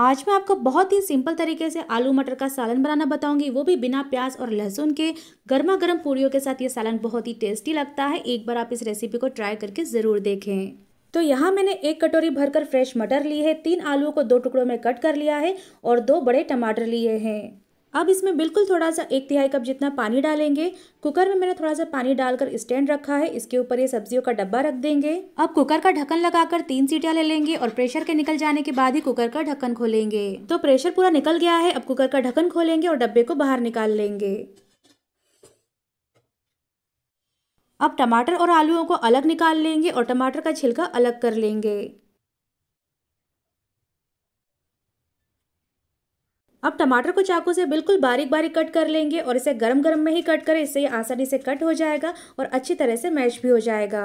आज मैं आपको बहुत ही सिंपल तरीके से आलू मटर का सालन बनाना बताऊंगी वो भी बिना प्याज और लहसुन के गर्मा गर्म पूड़ियों के साथ ये सालन बहुत ही टेस्टी लगता है एक बार आप इस रेसिपी को ट्राई करके ज़रूर देखें तो यहाँ मैंने एक कटोरी भरकर फ्रेश मटर ली है तीन आलुओं को दो टुकड़ों में कट कर लिया है और दो बड़े टमाटर लिए हैं अब इसमें बिल्कुल थोड़ा सा एक तिहाई कप जितना पानी डालेंगे कुकर में मैंने थोड़ा सा पानी डालकर स्टैंड रखा है इसके ऊपर ये सब्जियों का डब्बा रख देंगे अब कुकर का ढक्कन लगाकर तीन सीटियां ले लेंगे और प्रेशर के निकल जाने के बाद ही कुकर का ढक्कन खोलेंगे तो प्रेशर पूरा निकल गया है अब कुकर का ढक्कन खोलेंगे और डब्बे को बाहर निकाल लेंगे अब टमाटर और आलूओं को अलग निकाल लेंगे और टमाटर का छिलका अलग कर लेंगे अब टमाटर को चाकू से बिल्कुल बारीक बारीक कट कर लेंगे और इसे गरम गरम में ही कट करें इससे ये आसानी से कट हो जाएगा और अच्छी तरह से मैश भी हो जाएगा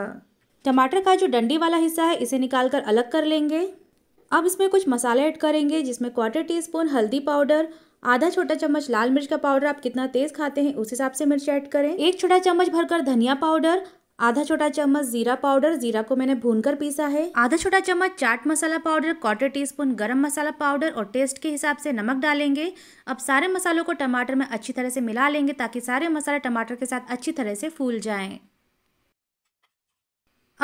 टमाटर का जो डंडी वाला हिस्सा है इसे निकाल कर अलग कर लेंगे अब इसमें कुछ मसाले ऐड करेंगे जिसमें क्वार्टर टी स्पून हल्दी पाउडर आधा छोटा चम्मच लाल मिर्च का पाउडर आप कितना तेज खाते हैं उस हिसाब से मिर्च ऐड करें एक छोटा चम्मच भरकर धनिया पाउडर आधा छोटा चम्मच जीरा पाउडर जीरा को मैंने भूनकर पीसा है आधा छोटा चम्मच चाट मसाला पाउडर क्वार्टर टी स्पून गर्म मसाला पाउडर और टेस्ट के हिसाब से नमक डालेंगे अब सारे मसालों को टमाटर में अच्छी तरह से मिला लेंगे ताकि सारे मसाले टमाटर के साथ अच्छी तरह से फूल जाएं।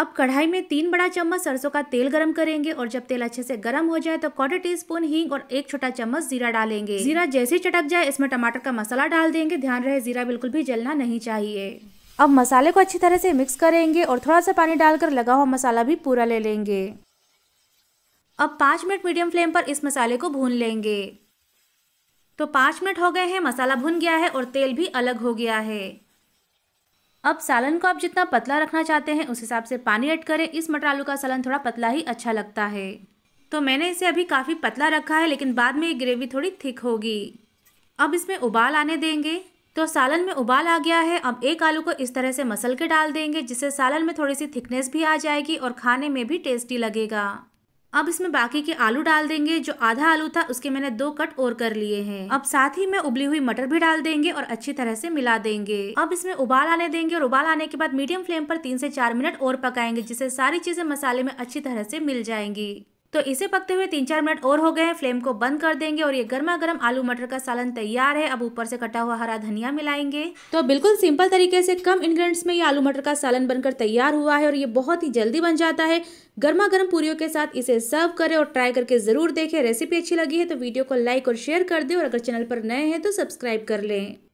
अब कढ़ाई में तीन बड़ा चम्मच सरसों का तेल गरम करेंगे और जब तेल अच्छे से गरम हो जाए तो क्वार्टर टी स्पून हींग और एक छोटा चम्मच जीरा डालेंगे जीरा जैसे चटक जाए इसमें टमाटर का मसाला डाल देंगे ध्यान रहे जीरा बिल्कुल भी जलना नहीं चाहिए अब मसाले को अच्छी तरह से मिक्स करेंगे और थोड़ा सा पानी डालकर लगा हुआ मसाला भी पूरा ले लेंगे अब पाँच मिनट मीडियम फ्लेम पर इस मसाले को भून लेंगे तो पाँच मिनट हो गए हैं मसाला भुन गया है और तेल भी अलग हो गया है अब सालन को आप जितना पतला रखना चाहते हैं उस हिसाब से पानी ऐड करें इस मटर आलू का सालन थोड़ा पतला ही अच्छा लगता है तो मैंने इसे अभी काफ़ी पतला रखा है लेकिन बाद में ये ग्रेवी थोड़ी थिक होगी अब इसमें उबाल आने देंगे तो सालन में उबाल आ गया है अब एक आलू को इस तरह से मसल के डाल देंगे जिससे सालन में थोड़ी सी थिकनेस भी आ जाएगी और खाने में भी टेस्टी लगेगा अब इसमें बाकी के आलू डाल देंगे जो आधा आलू था उसके मैंने दो कट और कर लिए हैं अब साथ ही में उबली हुई मटर भी डाल देंगे और अच्छी तरह से मिला देंगे अब इसमें उबाल आने देंगे और उबाल आने के बाद मीडियम फ्लेम पर तीन से चार मिनट और पकाएंगे जिससे सारी चीजें मसाले में अच्छी तरह से मिल जाएंगी तो इसे पकते हुए तीन चार मिनट और हो गए हैं फ्लेम को बंद कर देंगे और ये गर्मा गर्म आलू मटर का सालन तैयार है अब ऊपर से कटा हुआ हरा धनिया मिलाएंगे तो बिल्कुल सिंपल तरीके से कम इंग्रेडिएंट्स में ये आलू मटर का सालन बनकर तैयार हुआ है और ये बहुत ही जल्दी बन जाता है गर्मा गर्म पूरियों के साथ इसे सर्व करें और ट्राई करके ज़रूर देखें रेसिपी अच्छी लगी है तो वीडियो को लाइक और शेयर कर दें और अगर चैनल पर नए हैं तो सब्सक्राइब कर लें